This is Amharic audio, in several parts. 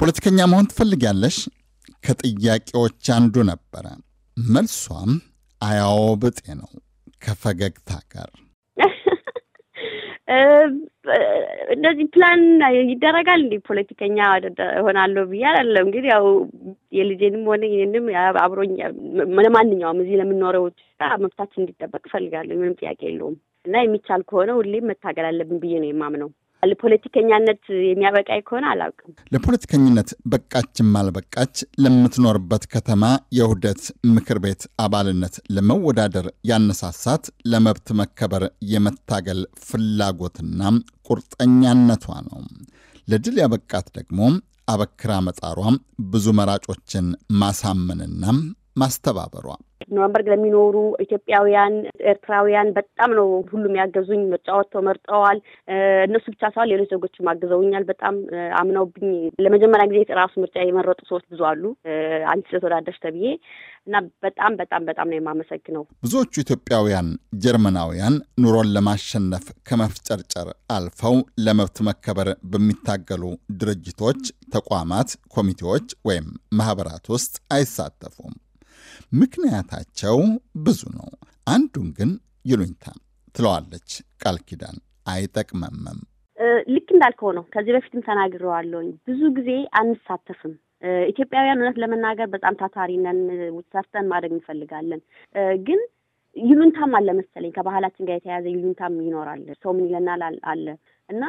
ፖለቲከኛ መሆን ትፈልጊያለሽ? ከጥያቄዎች አንዱ ነበረ። መልሷም አያዎ ብጤ ነው ከፈገግታ ጋር እንደዚህ ፕላን ይደረጋል። እንዲ ፖለቲከኛ ሆናለሁ ብዬ አይደለም። እንግዲህ ያው የልጄንም ሆነ ይህንም አብሮኝ ለማንኛውም እዚህ ለምንኖረው መብታችን እንዲጠበቅ እፈልጋለሁ። ምንም ጥያቄ የለውም እና የሚቻል ከሆነ ሁሌም መታገል አለብን ብዬ ነው የማምነው። ለፖለቲከኛነት የሚያበቃ ከሆነ አላውቅም። ለፖለቲከኝነት በቃችም አልበቃች ለምትኖርበት ከተማ የውህደት ምክር ቤት አባልነት ለመወዳደር ያነሳሳት ለመብት መከበር የመታገል ፍላጎትና ቁርጠኛነቷ ነው። ለድል ያበቃት ደግሞ አበክራ መጣሯ፣ ብዙ መራጮችን ማሳመንና ማስተባበሯ ኖርንበርግ ለሚኖሩ ኢትዮጵያውያን፣ ኤርትራውያን በጣም ነው ሁሉም ያገዙኝ። ምርጫ ወጥተው መርጠዋል። እነሱ ብቻ ሳይሆን ሌሎች ዜጎችም አግዘውኛል። በጣም አምነውብኝ ለመጀመሪያ ጊዜ ራሱ ምርጫ የመረጡ ሰዎች ብዙ አሉ። አንቺ ስለተወዳደርሽ ተብዬ እና በጣም በጣም በጣም ነው የማመሰግነው። ብዙዎቹ ኢትዮጵያውያን ጀርመናውያን ኑሮን ለማሸነፍ ከመፍጨርጨር አልፈው ለመብት መከበር በሚታገሉ ድርጅቶች፣ ተቋማት፣ ኮሚቴዎች ወይም ማህበራት ውስጥ አይሳተፉም። ምክንያታቸው ብዙ ነው። አንዱን ግን ይሉኝታ ትለዋለች ቃል ኪዳን አይጠቅመምም። ልክ እንዳልከው ነው። ከዚህ በፊትም ተናግረዋለሁኝ። ብዙ ጊዜ አንሳተፍም። ኢትዮጵያውያን እውነት ለመናገር በጣም ታታሪነን፣ ሰርተን ማድረግ እንፈልጋለን ግን ይሉንታም አለ መሰለኝ። ከባህላችን ጋር የተያያዘ ይሉንታም ይኖራል። ሰው ምን ይለናል አለ እና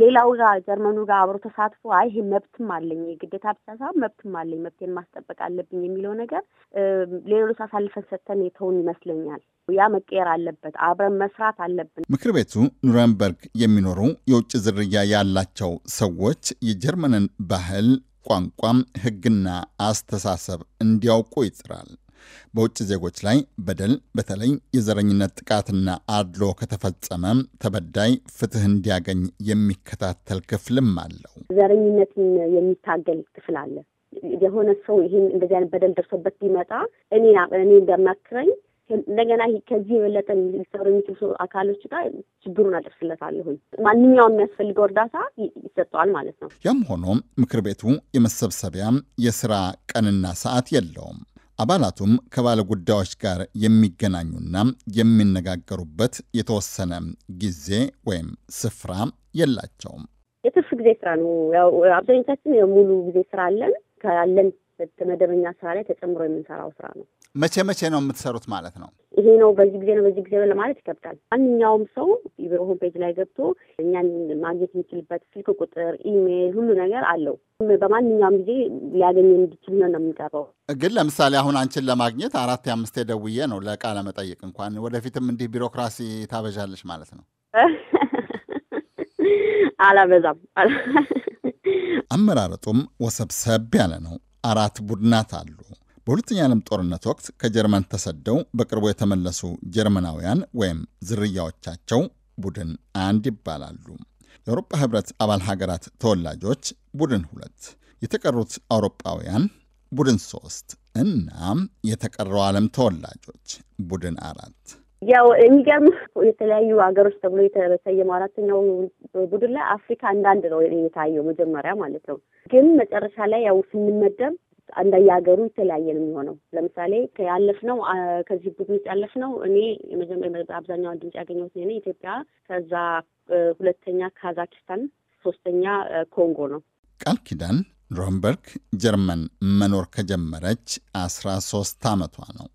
ሌላው ጋር ጀርመኑ ጋር አብሮ ተሳትፎ አይ ይሄ መብትም አለኝ የግዴታ ብቻ ሳይሆን መብትም አለኝ መብቴን ማስጠበቅ አለብኝ የሚለው ነገር ሌሎች አሳልፈን ሰጥተን የተውን ይመስለኛል። ያ መቀየር አለበት፣ አብረን መስራት አለብን። ምክር ቤቱ ኑረንበርግ የሚኖሩ የውጭ ዝርያ ያላቸው ሰዎች የጀርመንን ባህል፣ ቋንቋም፣ ሕግና አስተሳሰብ እንዲያውቁ ይጥራል። በውጭ ዜጎች ላይ በደል በተለይ የዘረኝነት ጥቃትና አድሎ ከተፈጸመ ተበዳይ ፍትህ እንዲያገኝ የሚከታተል ክፍልም አለው። ዘረኝነትን የሚታገል ክፍል አለ። የሆነ ሰው ይህን እንደዚህ አይነት በደል ደርሶበት ቢመጣ እኔ እኔ እንደማክረኝ እንደገና ከዚህ የበለጠ ሊሰሩ የሚችሉ አካሎች ጋር ችግሩን አደርስለታለሁኝ። ማንኛውም የሚያስፈልገው እርዳታ ይሰጠዋል ማለት ነው። ያም ሆኖ ምክር ቤቱ የመሰብሰቢያ የስራ ቀንና ሰዓት የለውም። አባላቱም ከባለ ጉዳዮች ጋር የሚገናኙና የሚነጋገሩበት የተወሰነ ጊዜ ወይም ስፍራ የላቸውም። የትርፍ ጊዜ ስራ ነው። ያው አብዛኞቻችን የሙሉ ጊዜ ስራ አለን። ካለን መደበኛ ስራ ላይ ተጨምሮ የምንሰራው ስራ ነው። መቼ መቼ ነው የምትሰሩት ማለት ነው? ይሄ ነው በዚህ ጊዜ ነው በዚህ ጊዜ ነው ለማለት ይከብዳል። ማንኛውም ሰው ቢሮ ሆምፔጅ ላይ ገብቶ እኛን ማግኘት የሚችልበት ስልክ ቁጥር፣ ኢሜይል፣ ሁሉ ነገር አለው። በማንኛውም ጊዜ ሊያገኘ እንዲችል ነው ነው የሚቀርበው። ግን ለምሳሌ አሁን አንቺን ለማግኘት አራት የአምስት ደውዬ ነው ለቃለ መጠይቅ እንኳን ወደፊትም እንዲህ ቢሮክራሲ ታበዣለች ማለት ነው? አላበዛም። አመራረጡም ወሰብሰብ ያለ ነው። አራት ቡድናት አሉ። በሁለተኛ ዓለም ጦርነት ወቅት ከጀርመን ተሰደው በቅርቡ የተመለሱ ጀርመናውያን ወይም ዝርያዎቻቸው ቡድን አንድ ይባላሉ። የአውሮፓ ህብረት አባል ሀገራት ተወላጆች ቡድን ሁለት፣ የተቀሩት አውሮፓውያን ቡድን ሶስት እናም የተቀረው ዓለም ተወላጆች ቡድን አራት። ያው የሚገርም የተለያዩ ሀገሮች ተብሎ የተሰየመው አራተኛው ቡድን ላይ አፍሪካ አንዳንድ ነው የታየው መጀመሪያ ማለት ነው። ግን መጨረሻ ላይ ያው ስንመደብ እንደየሀገሩ የተለያየ ነው የሚሆነው። ለምሳሌ ያለፍነው ከዚህ ቡድን ውስጥ ያለፍነው እኔ የመጀመሪያ አብዛኛውን ድምጽ ያገኘሁት እኔ ኢትዮጵያ፣ ከዛ ሁለተኛ ካዛክስታን፣ ሶስተኛ ኮንጎ ነው። ቃል ኪዳን ሮምበርግ ጀርመን መኖር ከጀመረች አስራ ሶስት አመቷ ነው።